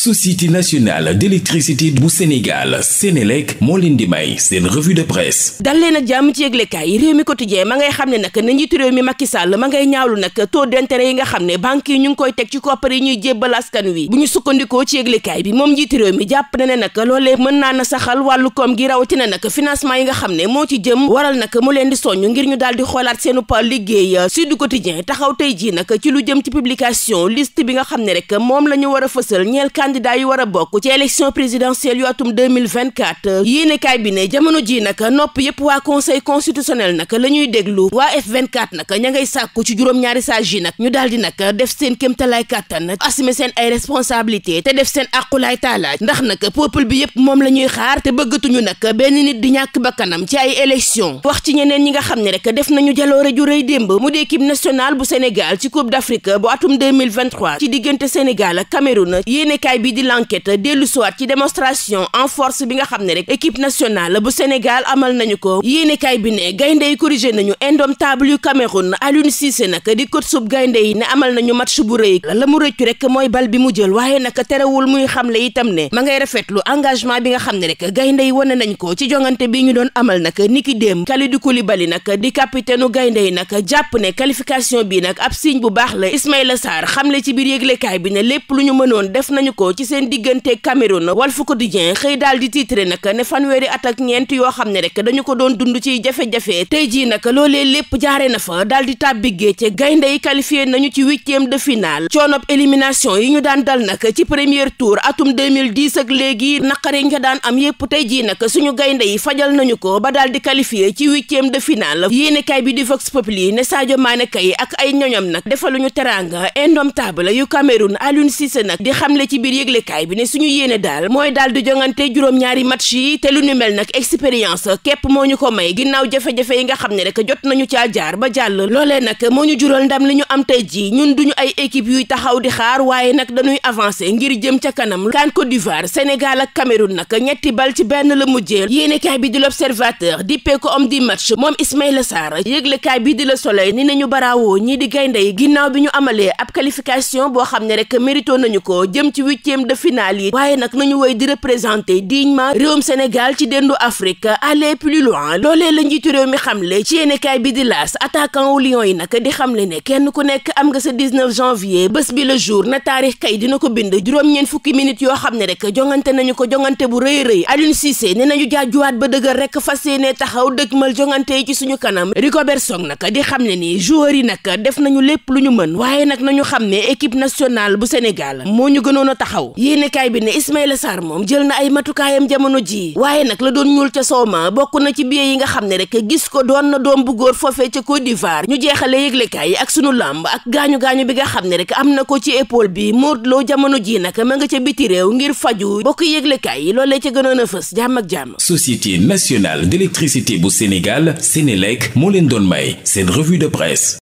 société nationale d'électricité bu Sénégal Sénélec moo leen di may seen revue de presse dal leen ak jàmm ci yëglekaay réew mi quotidien ma ngay xam ne nag na njiitu réew mi Macky Sall ma ngay ñaawlu nag taux d'intérêt yi nga xam ne banque yi ñu ngi koy teg ci koppar yi ñuy jébbal askan wi bu ñu sukkandikoo ci yëglekaay bi moom njiitu réew mi jàpp na ne nag loolee mën naa na saxal wàllu koom gi rawatina nag financement yi nga xam ne moo ci jëm waral nag mu leen di soññ ngir ñu daal di xoolaat seenu pa liggéey Sud Quotidien taxaw tey ji nag ci lu jëm ci publication liste bi nga xam ne rek moom la ñu war candidat yu war a bokk ci élection présidentielle yu atum 2024 yéenekaay bi ne jamono ji naka nopp yépp waa conseil constitutionnel naka la ñuy déglu waa F24 naka ña ngay sàkku ci juróom-ñaari sages yi nag ñu daal di naka def seen kéemtalaay kàttan assumer seen ay responsabilité te def seen àqulaay taalaaj ndax naka peuple bi yépp moom la ñuy xaar te bëggatuñu naka benn nit di ñàkk bakkanam ci ay élection wax ci ñeneen ñi nga xam ne rek def nañu jaloore ju rëy démb mu di équipe nationale bu Sénégal ci Coupe d'Afrique bu atum 2023 ci diggante Sénégal ak Cameroun yéenekaay bi di l'enquête dellu siwaat ci démonstration en force bi nga xam ne rek équipe nationale bu Sénégal amal nañu ko yéenekaay bi ne gaynde yi corrigé nañu indomptable yu Cameroun Aliou Cissé nag di coach sub gaynde yi ne amal nañu match bu rëy la mu rëccu rek mooy bal bi mu jël waaye nag terewul muy xamle itam ne ma ngay rafetlu engagement bi nga xam ne rek gaynde yi wane nañ ko ci jongante bi ñu doon amal nag niki déem Kalidou Koulibaly di capitaine u yi nag jàpp ne qualification bi nag ab bu baax la Ismaïla Sarr xamle ci bi ne lépp lu ñu mënoon jàmmarloo ci seen diggante Cameroun Walf Quotidien xëy daal di titre nag ne fanweeri at ak ñeent yoo xam ne rek dañu ko doon dund ci jafe-jafe tey jii nag loolee lépp jaare na fa daal di tàbbi géej gaynde yi qualifié nañu ci huitième de finale coonob élimination yi ñu daan dal nag ci premier tour atum 2010 ak léegi naqare nga daan am yépp tey jii nag suñu gaynde yi fajal nañu ko ba daal di qualifié ci huitième de finale yéenekaay bi di Vox Populi ne Sadio Mané kay ak ay ñoñom nag defaluñu teranga indomptable yu Cameroun Aliou Cissé nag di xamle ci biir yëglekaay bi ne suñu yéene daal mooy daal di jongante juróom-ñaari match yi te lu ñu mel nag expérience képp moo ñu ko may ginnaaw jafe-jafe yi nga xam ne rek jot nañu caa jaar ba jàll loolee nag moo ñu jural ndam li ñu am tey ji ñun duñu ay équipe yuy taxaw di xaar waaye nag dañuy avancer ngir jëm ca kanam kaan Côte d'Ivoire Sénégal ak Cameroun nag ñetti bal ci benn la mujjee yéenekaay bi di l'observateur di pee ko homme di match moom Ismaïla Sarr yëglekaay bi di Le Soleil ni nañu baraawoo ñii di gaynde yi ginnaaw bi ñu amalee ab boo xam huitième de finale yi waaye nag nañu woy di représenter dignement réewum Sénégal ci dendu Afrique aller plus loin loolee la njiitu réew mi xamle ci yéenekaay bi di laas attaquant wu Lions yi nag di xamle ne kenn ku nekk am nga sa 19 janvier bés bi le jour na taarix kay dina ko bind juróom-ñeent fukki minutes yoo xam ne rek jongante nañu ko jongante bu rëy rëy Aliou Cissé ne nañu jaajuwaat ba dëgër rek fas yéene taxaw dëgmal jongante yi ci suñu kanam Rigobert Song nag di xam ne n joueurs yi nag def nañu lépp lu ñu mën waaye nag nañu xam ne équipe nationale bu Sénégal moo taxaw yéenekaay bi ne Ismaïla saar moom jël na ay matukaayam jamono ji waaye nag la doon ñuul ca sooma bokk na ci biee yi nga xam ne rek gis ko doon na doom bu góor foofee ca Côte d'Ivoire ñu jeexale yëglekaay yi ak sunu làmb ak gaañu-gaañu bi nga xam ne rek am na ko ci épaule bi Modou loo jamono ji nag ma nga ca biti réew ngir faju bokk yëglekaay yi loolee ca gënoon a fës jàmm ak jàmm Société nationale d'électricité bu Sénégal Sénélec moo leen doon may seen revue de presse